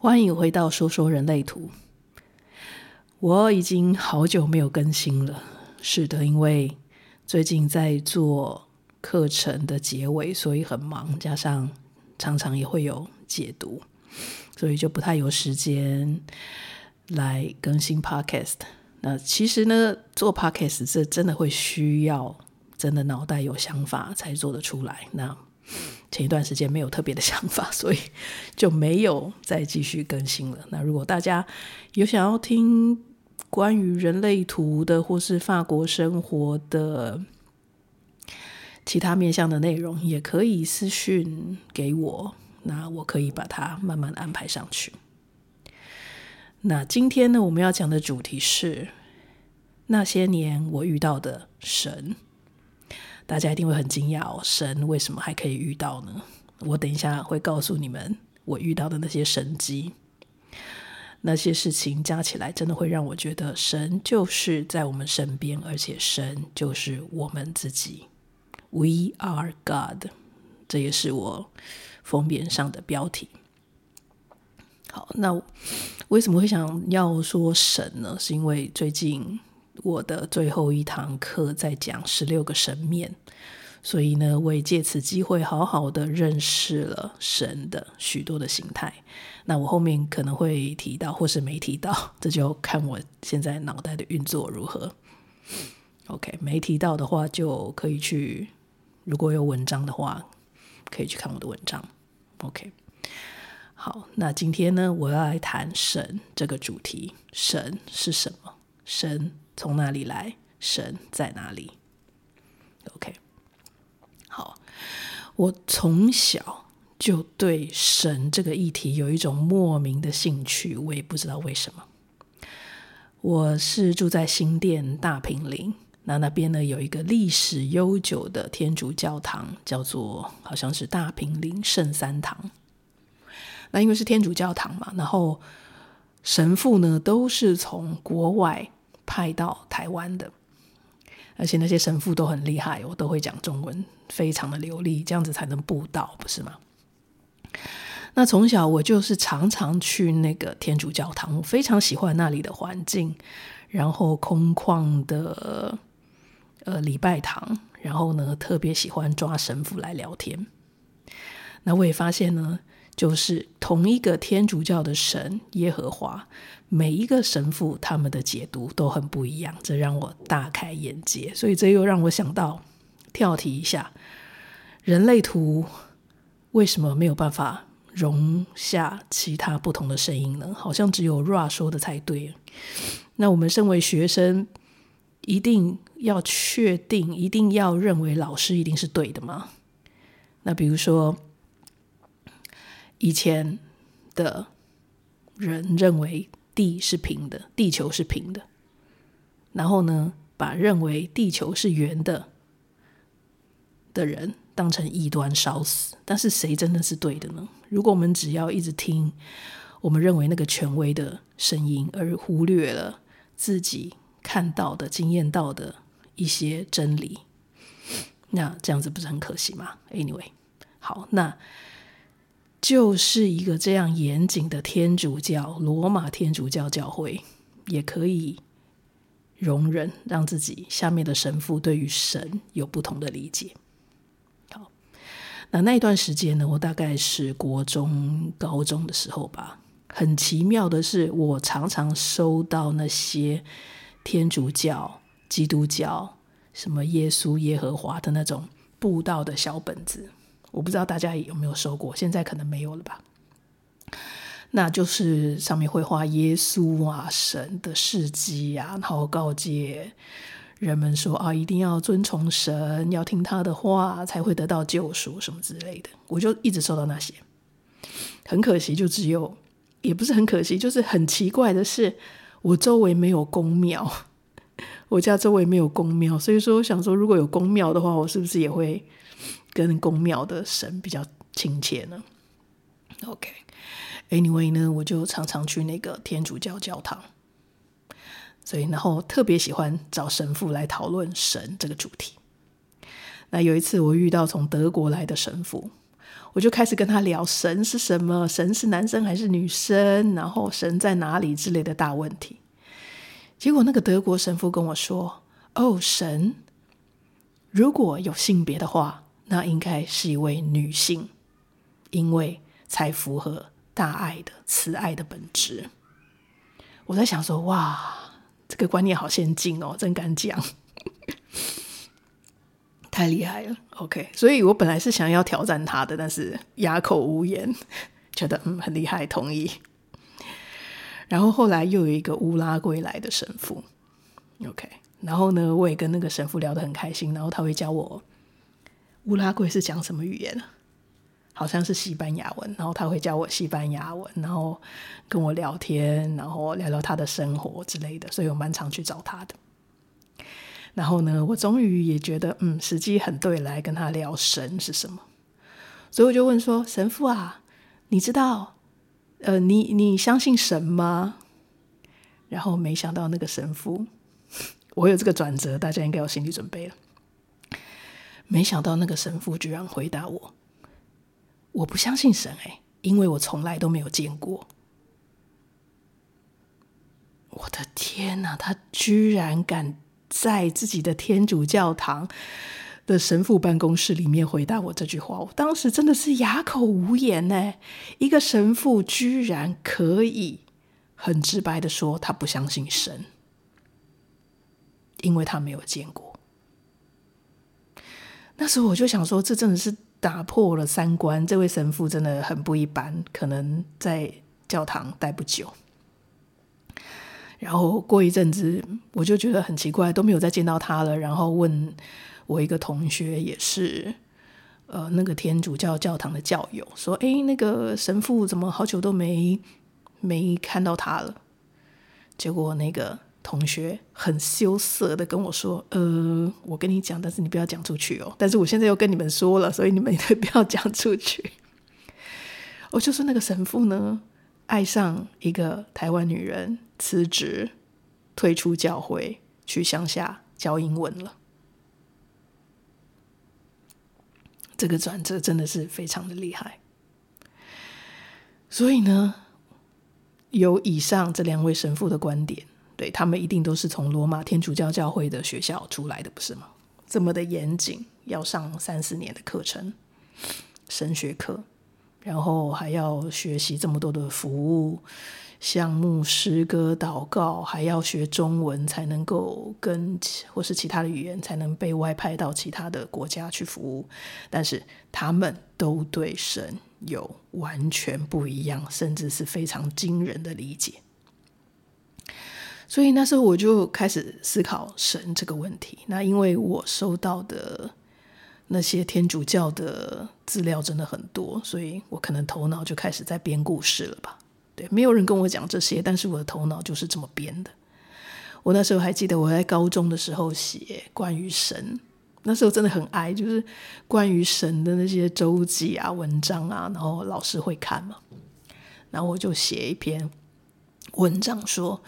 歡迎回到說說人類圖。我已經好久沒有更新了，是的，因為最近在做課程的結尾，所以很忙，加上常常也會有解讀，所以就不太有時間來更新 podcast。那其實呢，做 podcast 真的會需要真的腦袋有想法才做得出來。那前一段時間沒有特別的想法，所以就沒有再繼續更新了。那如果大家有想要聽關於人類圖的，或是法國生活的其他面向的內容，也可以私訊給我，那我可以把它慢慢安排上去。那今天呢，我們要講的主題是那些年我遇到的神。大家一定會很驚訝哦，神為什麼還可以遇到呢？我等一下會告訴你們我遇到的那些神蹟，那些事情加起來，真的會讓我覺得神就是在我們身邊，而且神就是我們自己。We are God，這也是我封面上的標題。好，那為什麼會想要說神呢？是因為最近。我的最後一堂課在講十六個神面，所以呢，我也借此機會好好的認識了神的許多的形態。那我後面可能會提到，或是沒提到，這就看我現在腦袋的運作如何。OK，沒提到的話就可以去，如果有文章的話，可以去看我的文章。OK，好，那今天呢，我要來談神這個主題。神是什麼？神，從哪裡來？神在哪裡？OK，好，我從小就對神這個議題有一種莫名的興趣，我也不知道為什麼。我是住在新店大坪林，那那邊呢，有一個歷史悠久的天主教堂，叫做好像是大坪林聖三堂。那因為是天主教堂嘛，然後神父呢都是從國外派到台灣的，而且那些神父都很厲害，我都會講中文，非常的流利，這樣子才能布道，不是嗎？那從小我就是常常去那個天主教堂，我非常喜歡那裡的環境，然後空曠的呃禮拜堂，然後呢特別喜歡抓神父來聊天。那我也發現呢，就是同一個天主教的神耶和華。每一個神父他們的解讀都很不一樣，這讓我大開眼界。所以這又讓我想到跳題一下：人類圖為什麼沒有辦法容下其他不同的聲音呢？好像只有 Ra 說的才對。那我們身為學生，一定要確定，一定要認為老師一定是對的嗎？那比如說，以前的人認為。地是平的，地球是平的。然後呢，把認為地球是圓的的人當成異端燒死。但是誰真的是對的呢？如果我們只要一直聽我們認為那個權威的聲音，而忽略了自己看到的、經驗到的一些真理，那這樣子不是很可惜嗎？Anyway，好，那。就是一個這樣嚴謹的天主教羅馬天主教教會，也可以容忍讓自己下面的神父對於神有不同的理解。好，那那一段時間呢，我大概是國中、高中的時候吧。很奇妙的是，我常常收到那些天主教、基督教、什麼耶穌、耶和華的那種布道的小本子。我不知道大家有沒有收過，現在可能沒有了吧。那就是上面會畫耶穌啊、神的事跡啊，然後告誡人們說啊，一定要遵從神，要聽他的話，才會得到救贖什麼之類的。我就一直收到那些，很可惜，就只有，也不是很可惜，就是很奇怪的是，我周圍沒有宮廟， 我家周圍沒有宮廟，所以說我想說，如果有宮廟的話，我是不是也會？跟宮廟的神比較親切呢。OK，Anyway、okay. 呢，我就常常去那個天主教教堂，所以然後特別喜歡找神父來討論神這個主題。那有一次我遇到從德國來的神父，我就開始跟他聊神是什麼，神是男生還是女生，然後神在哪裡之類的大問題。結果那個德國神父跟我說：“哦，神如果有性別的話。”那應該是一位女性，因為才符合大愛的慈愛的本質。我在想說，哇，這個觀念好先進哦，真敢講， 太厲害了。OK，所以我本來是想要挑戰他的，但是啞口無言，覺得嗯，很厲害，同意。然後後來又有一個烏拉圭來的神父，OK，然後呢，我也跟那個神父聊得很開心，然後他會教我。烏拉圭是講什麼語言啊？好像是西班牙文，然後他會教我西班牙文，然後跟我聊天，然後聊聊他的生活之類的，所以我蠻常去找他的。然後呢，我終於也覺得，嗯，時機很對，來，來跟他聊神是什麼，所以我就問說：“神父啊，你知道，呃，你你相信神嗎？”然後沒想到那個神父，我有這個轉折，大家應該有心理準備了。沒想到那個神父居然回答我：“我不相信神誒，因為我從來都沒有見過。”我的天哪，他居然敢在自己的天主教堂的神父辦公室裡面回答我這句話！我當時真的是啞口無言呢。一個神父居然可以很直白的說他不相信神，因為他沒有見過。那時候我就想說，這真的是打破了三觀。這位神父真的很不一般，可能在教堂待不久。然後過一陣子，我就覺得很奇怪，都沒有再見到他了。然後問我一個同學，也是呃那個天主教教堂的教友，說：“哎，那個神父怎麼好久都沒沒看到他了？”結果那個。同學很羞澀的跟我說：“呃，我跟你講，但是你不要講出去哦。但是我現在又跟你們說了，所以你們也不要講出去。”我就說那個神父呢，愛上一個台灣女人，辭職退出教會，去鄉下教英文了。這個轉折真的是非常的厲害。所以呢，有以上這兩位神父的觀點。對，他們一定都是從羅馬天主教教會的學校出來的，不是嗎？這麼的嚴謹，要上三四年的課程，神學課，然後還要學習這麼多的服務項目，詩歌、禱告，還要學中文才能夠跟，或是其他的語言，才能被外派到其他的國家去服務。但是他們都對神有完全不一樣，甚至是非常驚人的理解。所以那時候我就開始思考神這個問題。那因為我收到的那些天主教的資料真的很多，所以我可能頭腦就開始在編故事了吧？對，沒有人跟我講這些，但是我的頭腦就是這麼編的。我那時候還記得我在高中的時候寫關於神，那時候真的很愛，就是關於神的那些周記啊、文章啊，然後老師會看嘛，然後我就寫一篇文章說。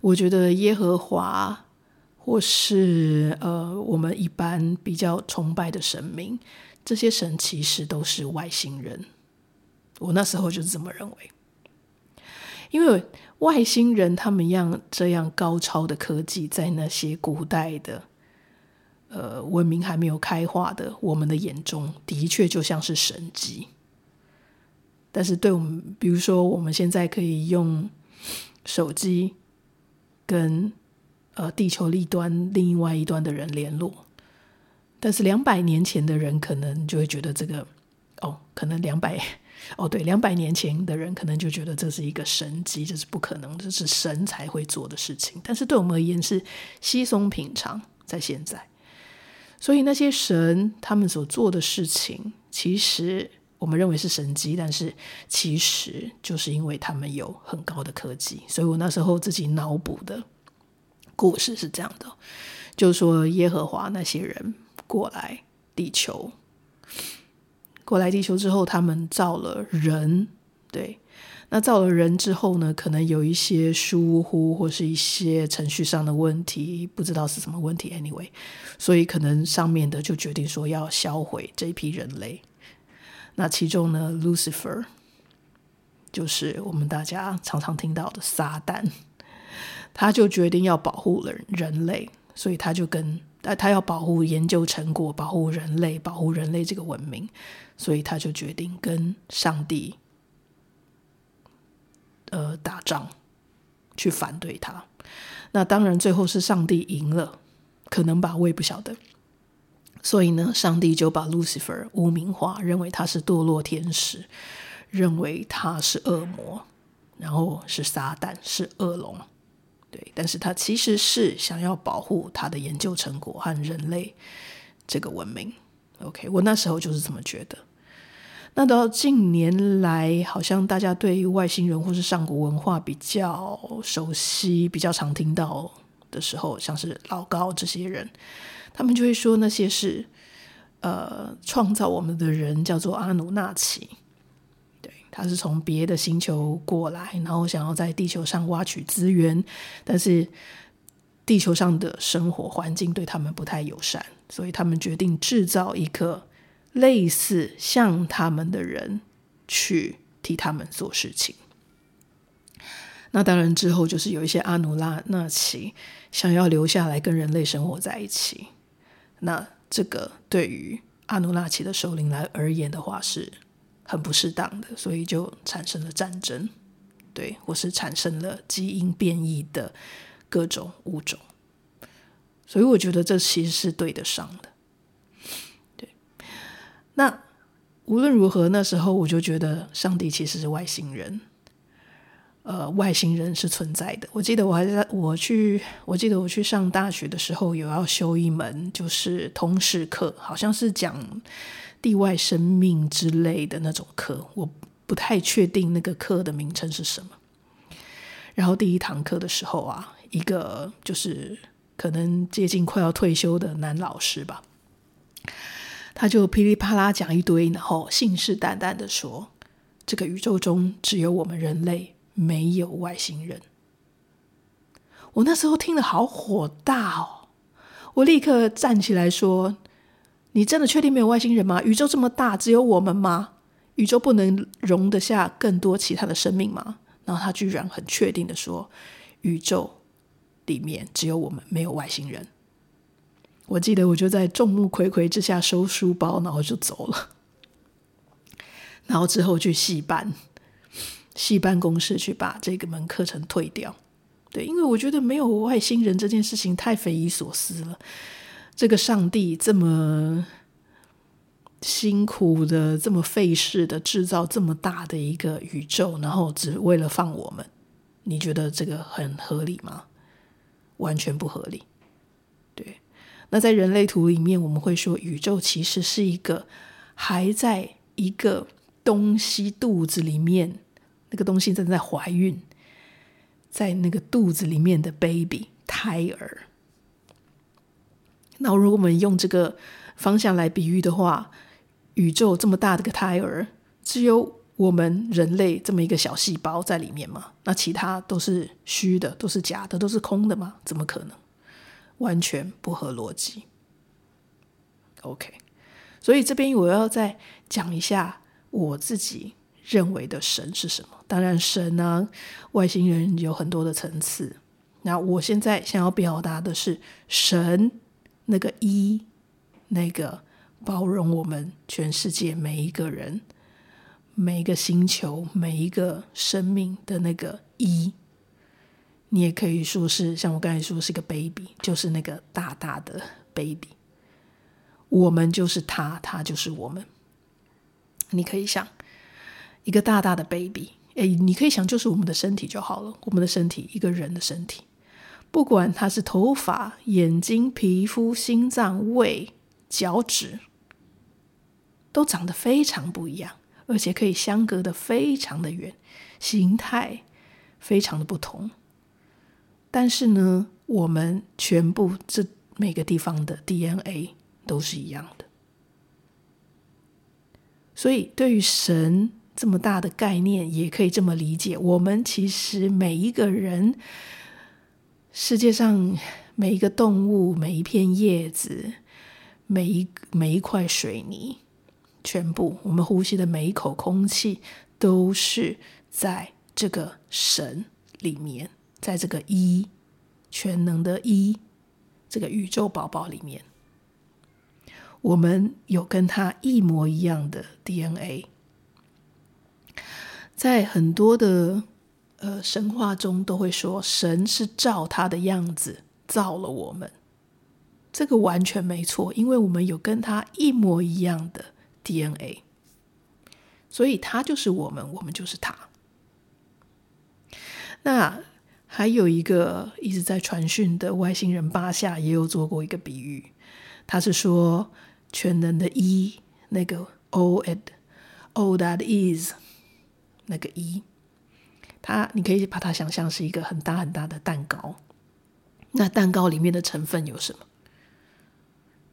我覺得耶和華，或是呃我們一般比較崇拜的神明，這些神其實都是外星人。我那時候就是這麼認為，因為外星人他們用這樣高超的科技，在那些古代的呃文明還沒有開化的我們的眼中，的確就像是神蹟。但是對我們，比如說我們現在可以用手機。跟呃地球另一端、另外一端的人聯絡，但是兩百年前的人可能就會覺得這個哦，可能兩百哦，對，兩百年前的人可能就覺得這是一個神蹟，這是不可能，這是神才會做的事情。但是對我們而言是稀鬆平常，在現在。所以那些神他們所做的事情，其實。我們認為是神蹟，但是其實就是因為他們有很高的科技，所以我那時候自己腦補的故事是這樣的，就說耶和華那些人過來地球，過來地球之後，他們造了人，對，那造了人之後呢，可能有一些疏忽或是一些程序上的問題，不知道是什麼問題。Anyway，所以可能上面的就決定說要銷毀這批人類。那其中呢，Lucifer 就是我們大家常常聽到的撒旦，他就決定要保護人人類，所以他就跟他他要保護研究成果，保護人類，保護人類這個文明，所以他就決定跟上帝呃打仗，去反對他。那當然最後是上帝贏了，可能吧，我也不曉得。所以呢，上帝就把 Lucifer 污名化，認為他是墮落天使，認為他是惡魔，然後是撒旦，是惡龍，對。但是他其實是想要保護他的研究成果和人類這個文明。OK，我那時候就是這麼覺得。那到近年來，好像大家對於外星人或是上古文化比較熟悉，比較常聽到的時候，像是老高這些人。他們就會說那些是，呃，創造我們的人叫做阿努納奇，對，他是從別的星球過來，然後想要在地球上挖取資源，但是地球上的生活環境對他們不太友善，所以他們決定製造一個類似像他們的人去替他們做事情。那當然之後就是有一些阿努拉納奇想要留下來跟人類生活在一起。那這個對於阿努納奇的首領來而言的話是很不適當的，所以就產生了戰爭，對，或是產生了基因變異的各種物種，所以我覺得這其實是對得上的，對。那無論如何，那時候我就覺得上帝其實是外星人。呃，外星人是存在的。我記得我還在我去，我記得我去上大學的時候有要修一門就是通識課，好像是講地外生命之類的那種課，我不太確定那個課的名稱是什麼。然後第一堂課的時候啊，一個就是可能接近快要退休的男老師吧，他就噼里啪啦講一堆，然後信誓旦旦的說，這個宇宙中只有我們人類。沒有外星人，我那時候聽得好火大哦！我立刻站起來說：“你真的確定沒有外星人嗎？宇宙這麼大，只有我們嗎？宇宙不能容得下更多其他的生命嗎？”然後他居然很確定地說：“宇宙裡面只有我們，沒有外星人。”我記得我就在眾目睽睽之下收書包，然後就走了，然後之後去戲班。系辦公室去把這個門課程退掉，對，因為我覺得沒有外星人這件事情太匪夷所思了。這個上帝這麼辛苦的、這麼費事的製造這麼大的一個宇宙，然後只為了放我們，你覺得這個很合理嗎？完全不合理。對，那在人類圖裡面，我們會說宇宙其實是一個還在一個東西肚子裡面。那個東西正在懷孕，在那個肚子裡面的 baby、胎兒。那如果我們用這個方向來比喻的話，宇宙這麼大的個胎兒，只有我們人類這麼一個小細胞在裡面嘛？那其他都是虛的，都是假的，都是空的嘛？怎麼可能？完全不合邏輯。OK，所以這邊我要再講一下我自己，認為的神是什麼？當然，神呢、啊，外星人有很多的層次。那我現在想要表達的是神，神那個一，那個包容我們全世界每一個人、每一個星球、每一個生命的那個一。你也可以說是，像我剛才說，是個 baby，就是那個大大的 baby。我們就是他，他就是我們。你可以想。一個大大的 baby，哎，你可以想，就是我們的身體就好了。我們的身體，一個人的身體，不管他是頭髮、眼睛、皮膚、心臟、胃、腳趾，都長得非常不一樣，而且可以相隔的非常的遠，形態非常的不同。但是呢，我們全部這每個地方的 DNA 都是一樣的，所以對於神。這麼大的概念也可以這麼理解。我們其實每一個人，世界上每一個動物，每一片葉子，每一每一塊水泥，全部，我們呼吸的每一口空氣，都是在這個神裡面，在這個一，全能的一，這個宇宙寶寶裡面，我們有跟他一模一樣的 DNA。在很多的呃神話中，都會說神是照他的樣子造了我們，這個完全沒錯，因為我們有跟他一模一樣的 DNA，所以他就是我們，我們就是他。那還有一個一直在傳訊的外星人巴夏也有做過一個比喻，他是說全能的 E 那個 All and All that is。那個一，它你可以把它想象是一個很大很大的蛋糕。那蛋糕裡面的成分有什麼？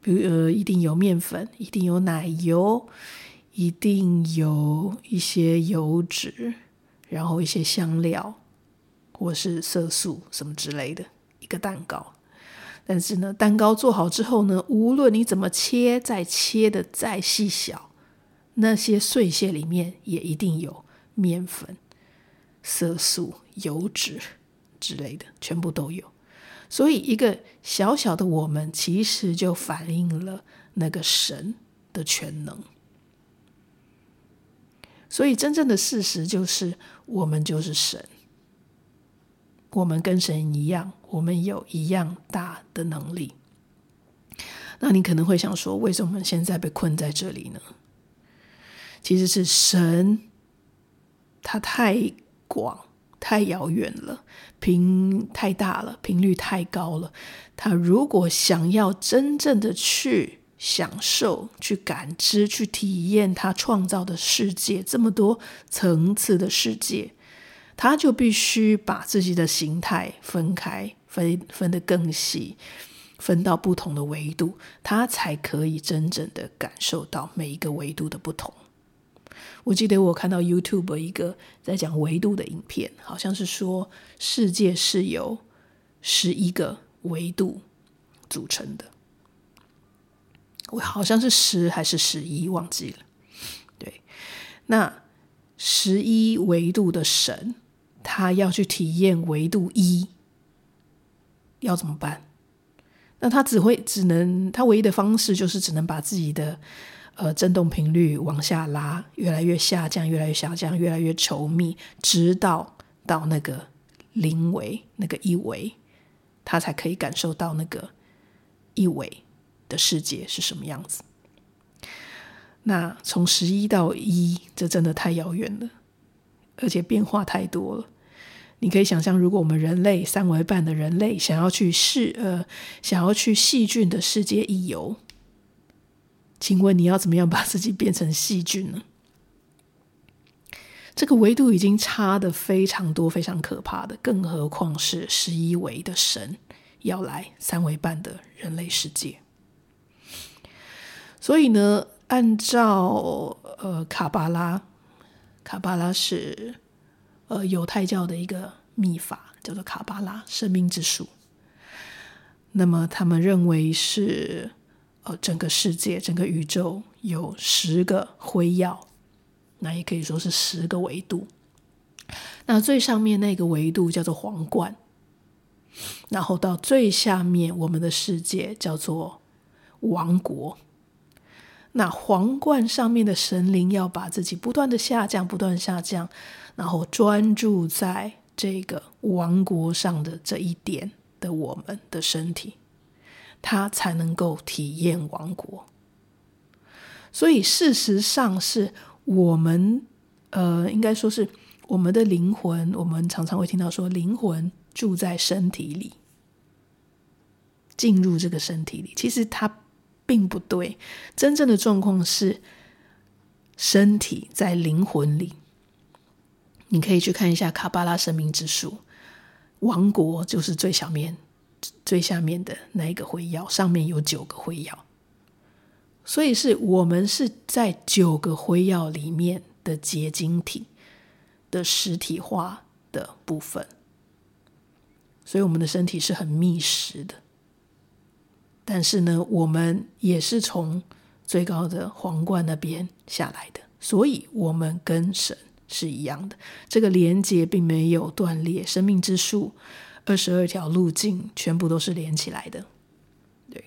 比如呃，一定有麵粉，一定有奶油，一定有一些油脂，然後一些香料，或是色素什麼之類的一個蛋糕。但是呢，蛋糕做好之後呢，無論你怎麼切，再切得再細小，那些碎屑裡面也一定有。麵粉、色素、油脂之類的，全部都有。所以，一個小小的我們，其實就反映了那個神的全能。所以，真正的事實就是，我們就是神。我們跟神一樣，我們有一樣大的能力。那你可能會想說，為什麼我們現在被困在這裡呢？其實是神。他太廣、太遙遠了，頻太大了，頻率太高了。他如果想要真正的去享受、去感知、去體驗他創造的世界，這麼多層次的世界，他就必須把自己的形態分開、分分得更細，分到不同的維度，他才可以真正的感受到每一個維度的不同。我記得我看到 YouTube 一個在講維度的影片，好像是說世界是由十一個維度組成的，我好像是十還是十一，忘記了。對，那十一維度的神，他要去體驗維度一，要怎麼辦？那他只會只能，他唯一的方式就是只能把自己的。呃，振動頻率往下拉，越來越下降，越來越下降，越來越稠密，直到到那個零維、那個一維，它才可以感受到那個一維的世界是什麼樣子。那從十一到一，這真的太遙遠了，而且變化太多了。你可以想象，如果我們人類三維半的人類想要去世，呃，想要去細菌的世界一遊。請問你要怎麼樣把自己變成細菌呢？這個維度已經差得非常多，非常可怕的，更何況是十一維的神要來三維半的人類世界。所以呢，按照呃卡巴拉，卡巴拉是呃猶太教的一個秘法，叫做卡巴拉生命之樹。那麼他們認為是。呃，整個世界、整個宇宙有十個輝耀，那也可以說是十個維度。那最上面那個維度叫做皇冠，然後到最下面，我們的世界叫做王國。那皇冠上面的神靈要把自己不斷的下降，不斷下降，然後專注在這個王國上的這一點的我們的身體。他才能夠體驗王國，所以事實上是我們，呃，應該說是我們的靈魂。我們常常會聽到說靈魂住在身體裡，進入這個身體裡。其實它並不對，真正的狀況是身體在靈魂裡。你可以去看一下《卡巴拉生命之樹》，王國就是最下面。最下面的那個輝耀，上面有九個輝耀。所以是我們是在九個輝耀裡面的結晶體的實體化的部分，所以我們的身體是很密實的。但是呢，我們也是從最高的皇冠那邊下來的，所以我們跟神是一樣的，這個連接並沒有斷裂，生命之樹二十二條路徑全部都是連起來的，對。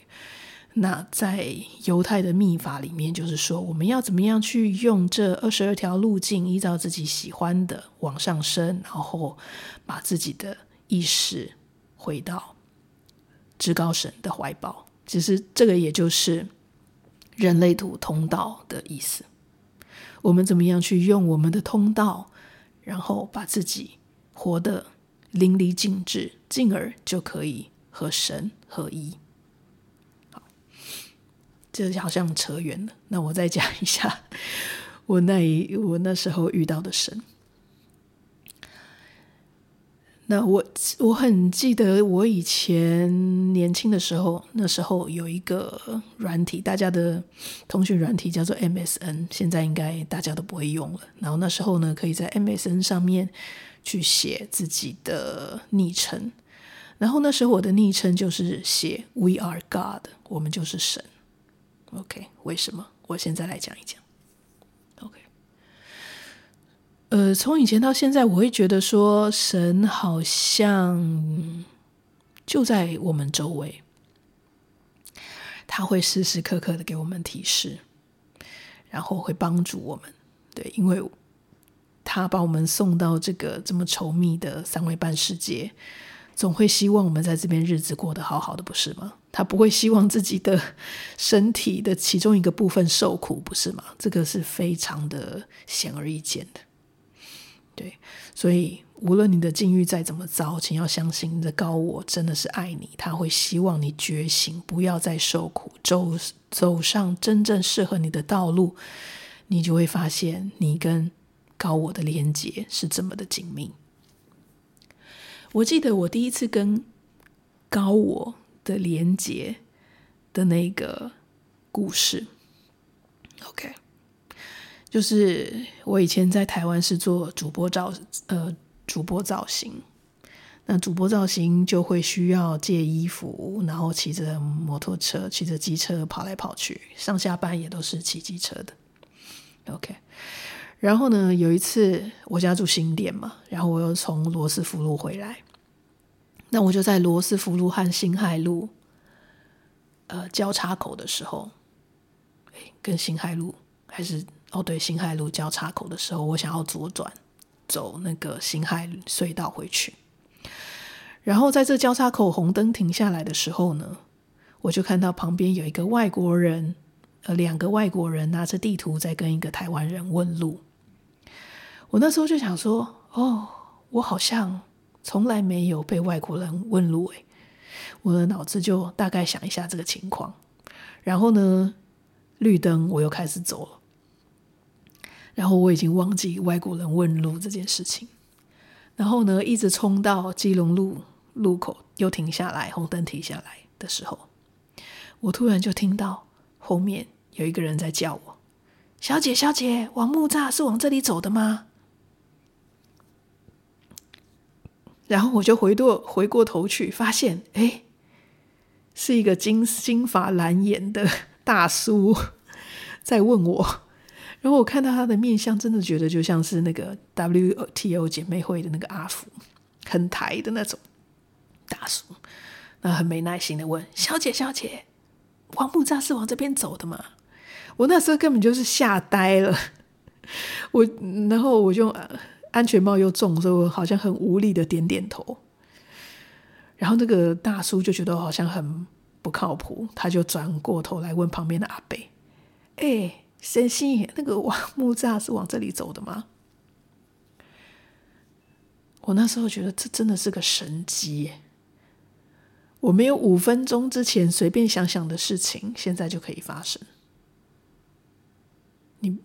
那在猶太的密法裡面，就是說我們要怎麼樣去用這二十二條路徑，依照自己喜歡的往上升，然後把自己的意識回到至高神的懷抱。其實這個也就是人類圖通道的意思。我們怎麼樣去用我們的通道，然後把自己活得淋漓盡致，進而就可以和神合一。好，這好像扯遠了。那我再講一下我那我那時候遇到的神。那我我很記得我以前年輕的時候，那時候有一個軟體，大家的通訊軟體叫做 MSN，現在應該大家都不會用了。然後那時候呢，可以在 MSN 上面。去寫自己的昵稱，然後那時候我的昵稱就是寫 “We are God”，我們就是神。OK，為什麼？我現在來講一講。OK，呃，從以前到現在，我會覺得說神好像就在我們周圍，他會時時刻刻的給我們提示，然後會幫助我們。對，因為。他把我們送到這個這麼稠密的三維半世界，總會希望我們在這邊日子過得好好的，不是嗎？他不會希望自己的身體的其中一個部分受苦，不是嗎？這個是非常的顯而易見的。對，所以無論你的境遇再怎麼糟，請要相信你的高我真的是愛你，他會希望你覺醒，不要再受苦，走走上真正適合你的道路，你就會發現你跟。高我的連接是這麼的緊密。我記得我第一次跟高我的連接的那個故事。OK，就是我以前在台灣是做主播造，呃，主播造型，那主播造型就會需要借衣服，然後騎着摩托車、騎着機車跑來跑去，上下班也都是騎機車的。OK。然後呢，有一次，我家住新店嘛，然後我又從羅斯福路回來，那我就在羅斯福路和辛亥路，呃，交叉口的時候，跟辛亥路還是哦，對，辛亥路交叉口的時候，我想要左轉，走那個辛亥隧道回去。然後在這交叉口紅燈停下來的時候呢，我就看到旁邊有一個外國人，呃，兩個外國人拿着地圖在跟一個台灣人問路。我那時候就想說，哦，我好像從來沒有被外國人問路誒。我的腦子就大概想一下這個情況，然後呢，綠燈我又開始走了，然後我已經忘記外國人問路這件事情，然後呢，一直衝到基隆路路口又停下來，紅燈停下來的時候，我突然就聽到後面有一個人在叫我：“小姐，小姐，往木柵是往這裡走的嗎？”然後我就回過回過頭去，發現哎，是一個金金髮藍眼的大叔在問我。然後我看到他的面相，真的覺得就像是那個 WTO 姐妹會的那個阿福，很台的那種大叔。那很沒耐心的問：“小姐，小姐，往木柵是往這邊走的嗎？”我那時候根本就是嚇呆了。我，然後我就。安全帽又重，所以我好像很無力的點點頭。然後那個大叔就覺得好像很不靠譜，他就轉過頭來問旁邊的阿伯：“哎、欸，神仙，那個往木柵是往這裡走的嗎？”我那時候覺得這真的是個神蹟、欸，我沒有五分鐘之前隨便想想的事情，現在就可以發生。你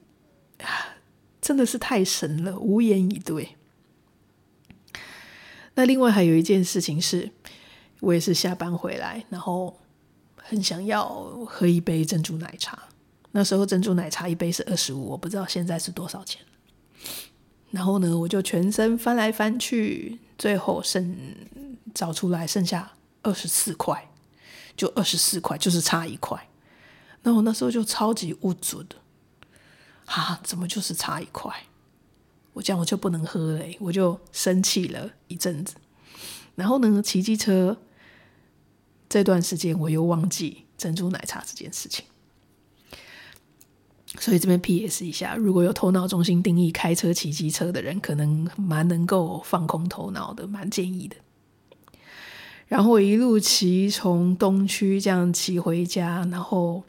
啊。真的是太神了，無言以對。那另外還有一件事情是，我也是下班回來，然後很想要喝一杯珍珠奶茶。那時候珍珠奶茶一杯是二十五，我不知道現在是多少錢？然後呢，我就全身翻來翻去，最後剩找出來剩下二十四塊，就二十四塊，就是差一塊。那我那時候就超級無助的。啊，怎麼就是差一塊？我這樣我就不能喝嘞，我就生氣了一陣子。然後呢，騎機車這段時間，我又忘記珍珠奶茶這件事情。所以這邊 PS 一下，如果有頭腦中心定義開車騎機車的人，可能蠻能夠放空頭腦的，蠻建議的。然後一路騎從東區這樣騎回家，然後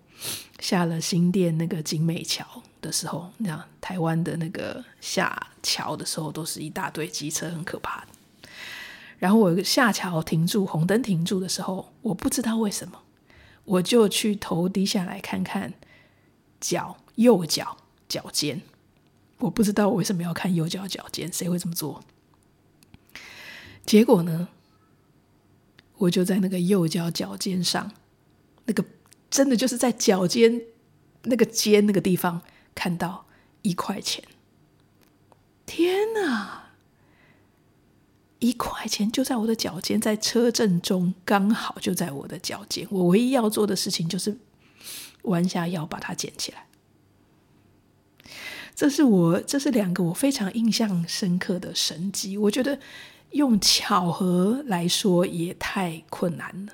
下了新店那個景美橋的時候，那台灣的那個下橋的時候，都是一大堆機車，很可怕。然後我下橋停住紅燈停住的時候，我不知道為什麼，我就去頭低下來看看腳，右腳腳尖。我不知道我為什麼要看右腳腳尖，誰會這麼做？結果呢，我就在那個右腳腳尖上，那個真的就是在腳尖那個尖那個地方。看到一塊錢，天哪！一塊錢就在我的腳尖，在車陣中剛好就在我的腳尖。我唯一要做的事情就是彎下腰把它撿起來。這是我，這是兩個我非常印象深刻的神蹟。我覺得用巧合來說也太困難了。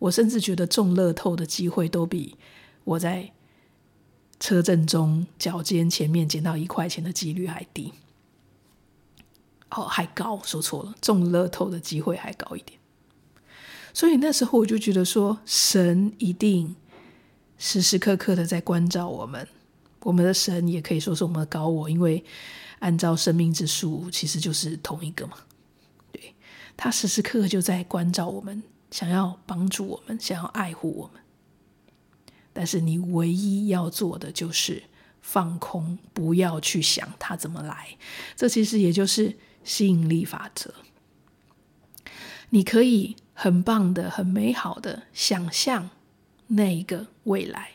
我甚至覺得中樂透的機會都比我在。車震中，腳尖前面撿到一塊錢的幾率還低，哦，oh，還高，說錯了，中樂透的機會還高一點。所以那時候我就覺得說，神一定時時刻刻的在關照我們，我們的神也可以說是我們的高我，因為按照生命之樹其實就是同一個嘛。對，他時時刻刻就在關照我們，想要幫助我們，想要愛護我們。但是你唯一要做的就是放空，不要去想它怎麼來。這其實也就是吸引力法則。你可以很棒的、很美好的想象那一個未來，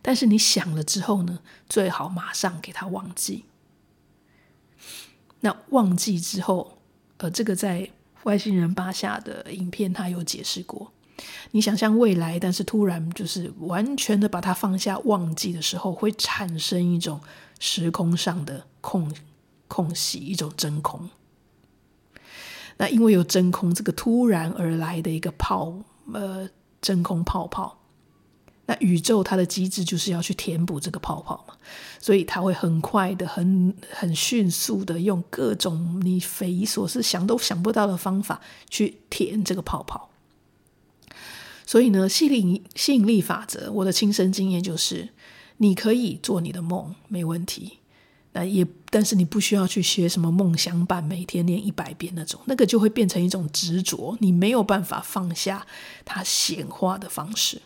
但是你想了之後呢，最好馬上給它忘記。那忘記之後，呃，這個在外星人巴夏的影片他有解釋過。你想象未來，但是突然就是完全的把它放下、忘記的時候，會產生一種時空上的空空隙，一種真空。那因為有真空，這個突然而來的一個泡，呃，真空泡泡，那宇宙它的機制就是要去填補這個泡泡嘛，所以它會很快的、很很迅速的用各種你匪夷所思、想都想不到的方法去填這個泡泡。所以呢，吸引吸引力法則，我的親身經驗就是，你可以做你的夢，沒問題。那也，但是你不需要去學什麼夢想板，每天念一百遍那種，那個就會變成一種執着，你沒有辦法放下它顯化的方式。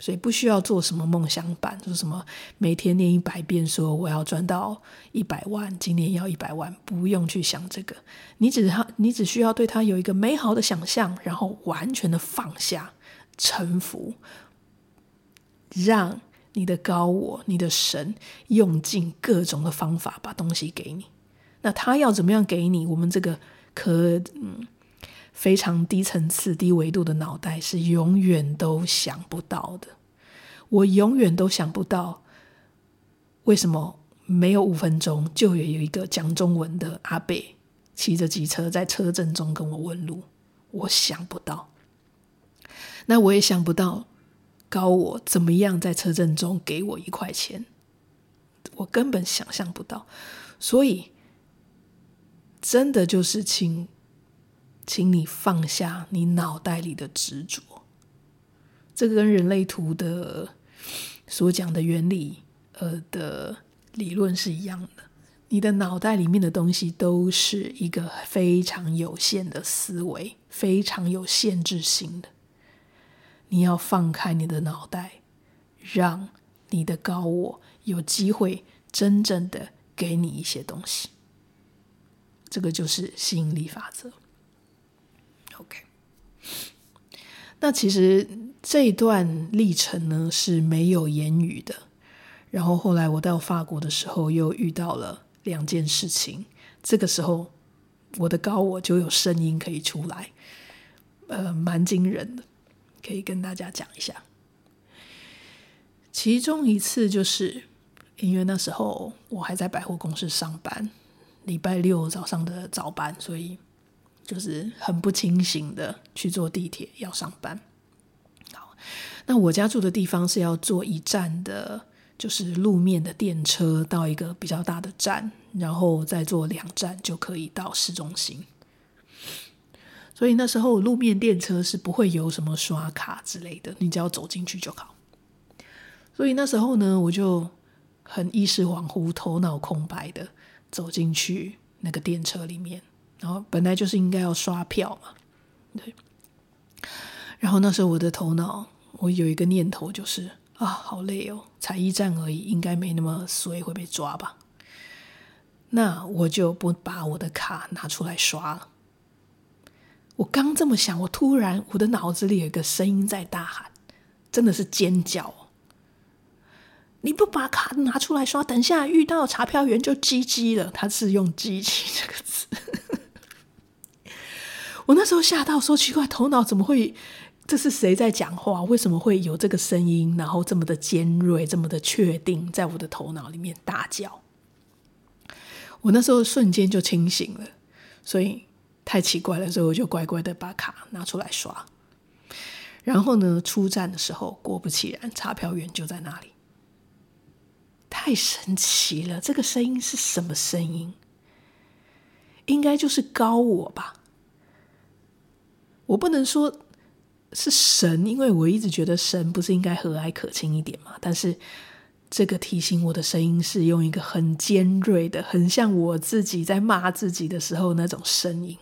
所以不需要做什麼夢想版，說什麼每天念一百遍，說我要賺到一百萬，今年要一百萬，不用去想這個。你只你只需要對他有一個美好的想象，然後完全的放下、臣服，讓你的高我、你的神用盡各種的方法把東西給你。那他要怎麼樣給你？我們這個可嗯。非常低層次、低維度的腦袋是永遠都想不到的。我永遠都想不到為什麼沒有五分鐘就有一個講中文的阿伯騎着機車在車陣中跟我問路。我想不到，那我也想不到高我怎麼樣在車陣中給我一塊錢，我根本想象不到。所以真的就是請。請你放下你腦袋裡的執着，這個跟人類圖的所講的原理呃的理論是一樣的。你的腦袋裡面的東西都是一個非常有限的思維，非常有限制性的。你要放開你的腦袋，讓你的高我有機會真正的給你一些東西。這個就是吸引力法則。OK，那其實這一段歷程呢，是沒有言語的。然後後來我到法國的時候，又遇到了兩件事情。這個時候，我的高我就有聲音可以出來，呃，蠻驚人的，可以跟大家講一下。其中一次就是，因為那時候我還在百貨公司上班，禮拜六早上的早班，所以。就是很不清醒的去坐地鐵要上班。好，那我家住的地方是要坐一站的，就是路面的電車到一個比較大的站，然後再坐兩站就可以到市中心。所以那時候路面電車是不會有什麼刷卡之類的，你只要走進去就好。所以那時候呢，我就很意識恍惚、頭腦空白的走進去那個電車裡面。然後本來就是應該要刷票嘛，對。然後那時候我的頭腦，我有一個念頭就是啊，好累哦，才一站而已，應該沒那麼衰會被抓吧？那我就不把我的卡拿出來刷了。我剛這麼想，我突然我的腦子裡有一個聲音在大喊，真的是尖叫！你不把卡拿出來刷，等一下遇到查票員就唧唧了。他是用“唧唧”這個詞。我那時候嚇到說，說奇怪，頭腦怎麼會？這是誰在講話？為什麼會有這個聲音？然後這麼的尖銳，這麼的確定，在我的頭腦裡面大叫。我那時候瞬間就清醒了，所以太奇怪了，所以我就乖乖的把卡拿出來刷。然後呢，出站的時候，果不其然，查票員就在那裡。太神奇了，這個聲音是什麼聲音？應該就是高我吧。我不能說是神，因為我一直覺得神不是應該和藹可親一點嘛。但是這個提醒我的聲音是用一個很尖銳的，很像我自己在罵自己的時候那種聲音，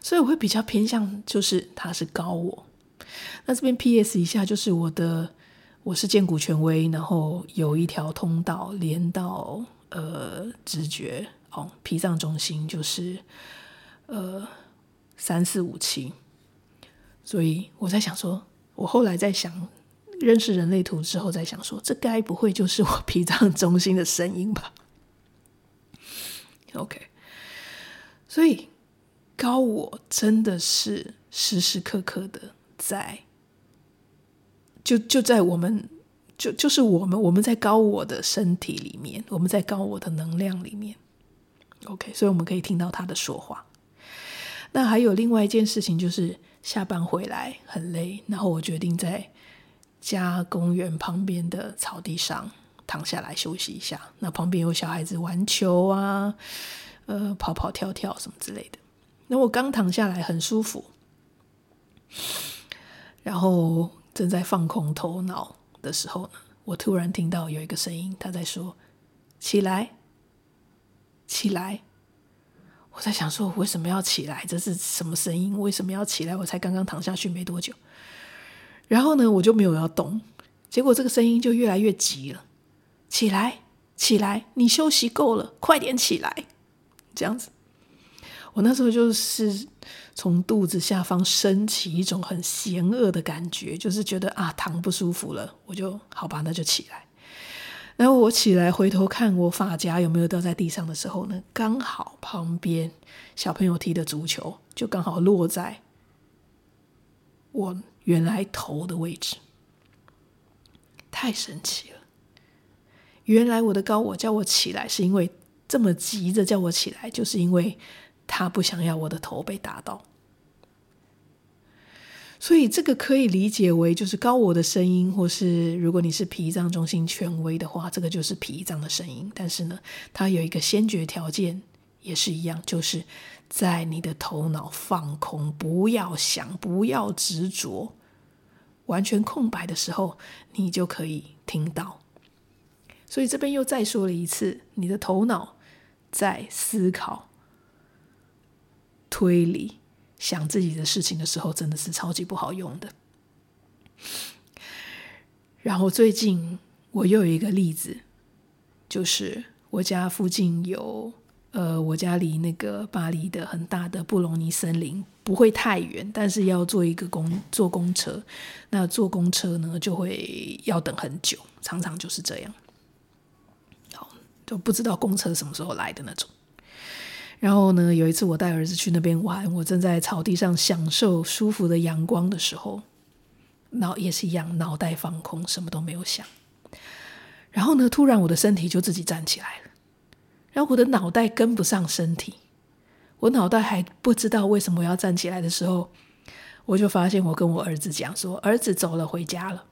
所以我會比較偏向，就是他是高我。那這邊 P.S. 一下，就是我的我是薦骨權威，然後有一條通道連到呃直覺哦，脾臟中心就是呃。三四五七，所以我在想說，說我後來在想，認識人類圖之後，在想說，這該不會就是我脾臟中心的聲音吧？OK，所以高我真的是時時刻刻的在，就就在我們，就就是我們，我們在高我的身體裡面，我們在高我的能量裡面，OK，所以我們可以聽到他的說話。那還有另外一件事情，就是下班回來很累，然後我決定在家公園旁邊的草地上躺下來休息一下。那旁邊有小孩子玩球啊，呃，跑跑跳跳什麼之類的。那我剛躺下來很舒服，然後正在放空頭腦的時候呢，我突然聽到有一個聲音，他在說：“起來，起來。”我在想說，我為什麼要起來？這是什麼聲音？為什麼要起來？我才剛剛躺下去沒多久，然後呢，我就沒有要動，結果這個聲音就越來越急了，“起來，起來！你休息夠了，快點起來！”這樣子，我那時候就是從肚子下方升起一種很嫌惡的感覺，就是覺得啊，躺不舒服了，我就好吧，那就起來。然後我起來回頭看我髮夾有沒有掉在地上的時候呢，剛好旁邊小朋友踢的足球就剛好落在我原來頭的位置，太神奇了！原來我的高我叫我起來是因為這麼急着叫我起來，就是因為他不想要我的頭被打到。所以這個可以理解為就是高我的聲音，或是如果你是脾臟中心權威的話，這個就是脾臟的聲音。但是呢，它有一個先決條件也是一樣，就是在你的頭腦放空，不要想，不要執着，完全空白的時候，你就可以聽到。所以這邊又再說了一次，你的頭腦在思考、推理。想自己的事情的時候，真的是超級不好用的。然後最近我又有一個例子，就是我家附近有，呃，我家離那個巴黎的很大的布隆尼森林，不會太遠，但是要坐一個公坐公車，那坐公車呢就會要等很久，常常就是這樣。好，就不知道公車什麼時候來的那種。然後呢，有一次我帶兒子去那邊玩，我正在草地上享受舒服的陽光的時候，腦也是一樣，腦袋放空，什麼都沒有想。然後呢，突然我的身體就自己站起來了，然後我的腦袋跟不上身體，我腦袋還不知道為什麼我要站起來的時候，我就發現我跟我兒子講說：“兒子走了，回家了。”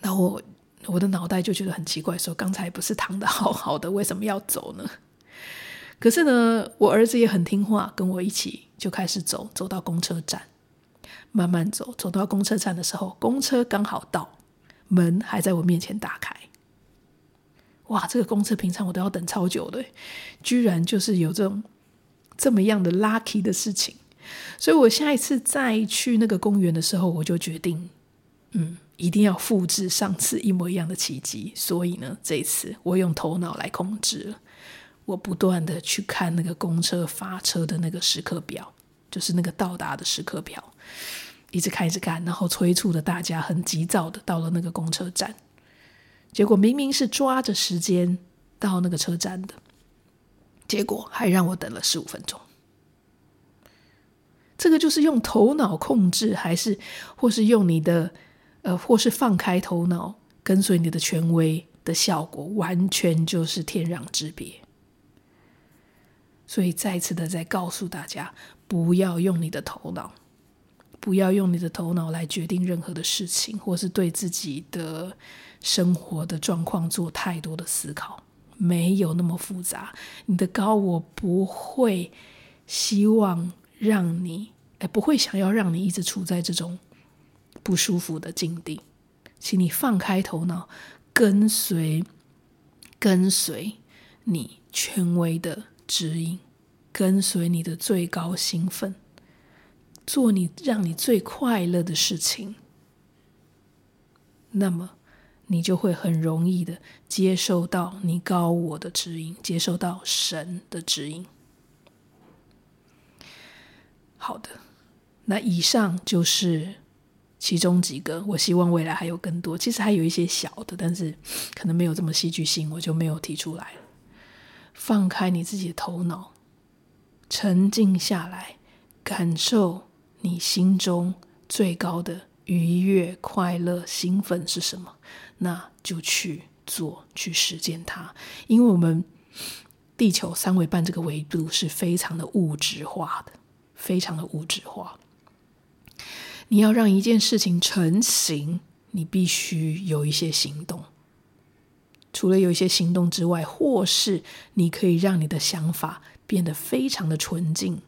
那我我的腦袋就覺得很奇怪，說：“剛才不是躺得好好的，為什麼要走呢？”可是呢，我兒子也很聽話，跟我一起就開始走，走到公車站，慢慢走，走到公車站的時候，公車剛好到，門還在我面前打開。哇，這個公車平常我都要等超久的，居然就是有這種這麼樣的 lucky 的事情。所以，我下一次再去那個公園的時候，我就決定，嗯，一定要複製上次一模一樣的奇蹟。所以呢，這一次我用頭腦來控制了。我不斷的去看那個公車發車的那個時刻表，就是那個到達的時刻表，一直看一直看，然後催促的大家，很急躁的到了那個公車站，結果明明是抓着時間到那個車站的，結果還讓我等了十五分鐘。這個就是用頭腦控制，還是或是用你的呃，或是放開頭腦，跟隨你的權威的效果，完全就是天壤之別。所以再次的再告訴大家，不要用你的頭腦，不要用你的頭腦來決定任何的事情，或是對自己的生活的狀況做太多的思考，沒有那麼複雜。你的高我不會希望讓你，哎，不會想要讓你一直處在這種不舒服的境地，請你放開頭腦，跟隨，跟隨你權威的。指引，跟隨你的最高興奮，做你讓你最快樂的事情，那麼你就會很容易的接受到你高我的指引，接受到神的指引。好的，那以上就是其中幾個，我希望未來還有更多，其實還有一些小的，但是可能沒有這麼戲劇性，我就沒有提出來了。放開你自己的頭腦，沉靜下來，感受你心中最高的愉悅、快樂、興奮是什麼？那就去做，去實踐它。因為我們地球三維半這個維度是非常的物質化的，非常的物質化。你要讓一件事情成型，你必須有一些行動。除了有一些行動之外，或是你可以讓你的想法變得非常的純淨、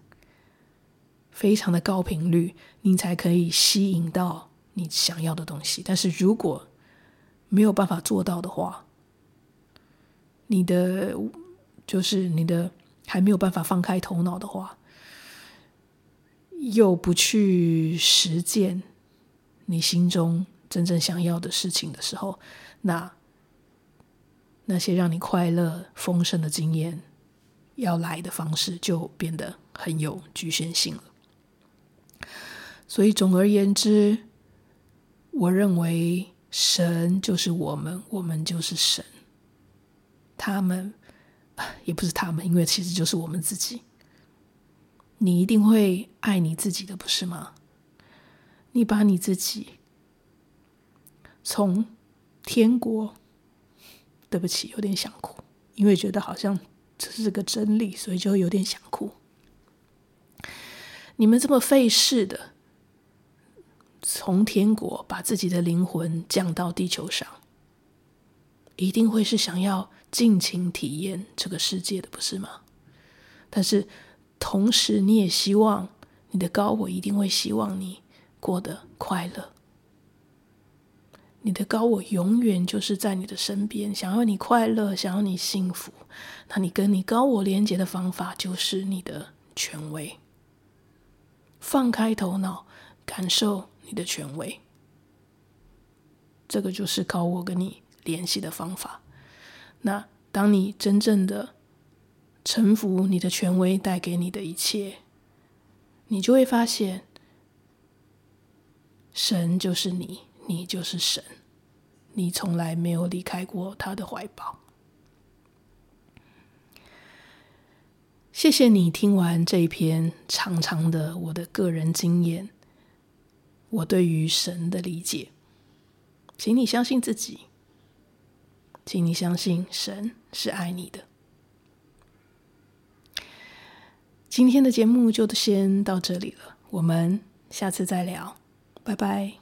非常的高頻率，你才可以吸引到你想要的東西。但是，如果沒有辦法做到的話，你的，就是你的，還沒有辦法放開頭腦的話，又不去實踐你心中真正想要的事情的時候，那。那些讓你快樂、豐盛的經驗，要來的方式就變得很有局限性了。所以，總而言之，我認為神就是我們，我們就是神。他們，也不是他們，因為其實就是我們自己。你一定會愛你自己的，不是嗎？你把你自己從天國，對不起，有點想哭，因為覺得好像這是個真理，所以就有點想哭。你們這麼費事的從天國把自己的靈魂降到地球上，一定會是想要盡情體驗這個世界的，不是嗎？但是同時，你也希望你的高我一定會希望你過得快樂。你的高我永遠就是在你的身邊，想要你快樂，想要你幸福。那你跟你高我連接的方法就是你的權威，放開頭腦，感受你的權威。這個就是高我跟你聯繫的方法。那當你真正的臣服你的權威帶給你的一切，你就會發現，神就是你。你就是神，你從來沒有離開過他的懷抱。謝謝你聽完這一篇長長的我的個人經驗，我對於神的理解。請你相信自己，請你相信神是愛你的。今天的節目就先到這裡了，我們下次再聊，拜拜。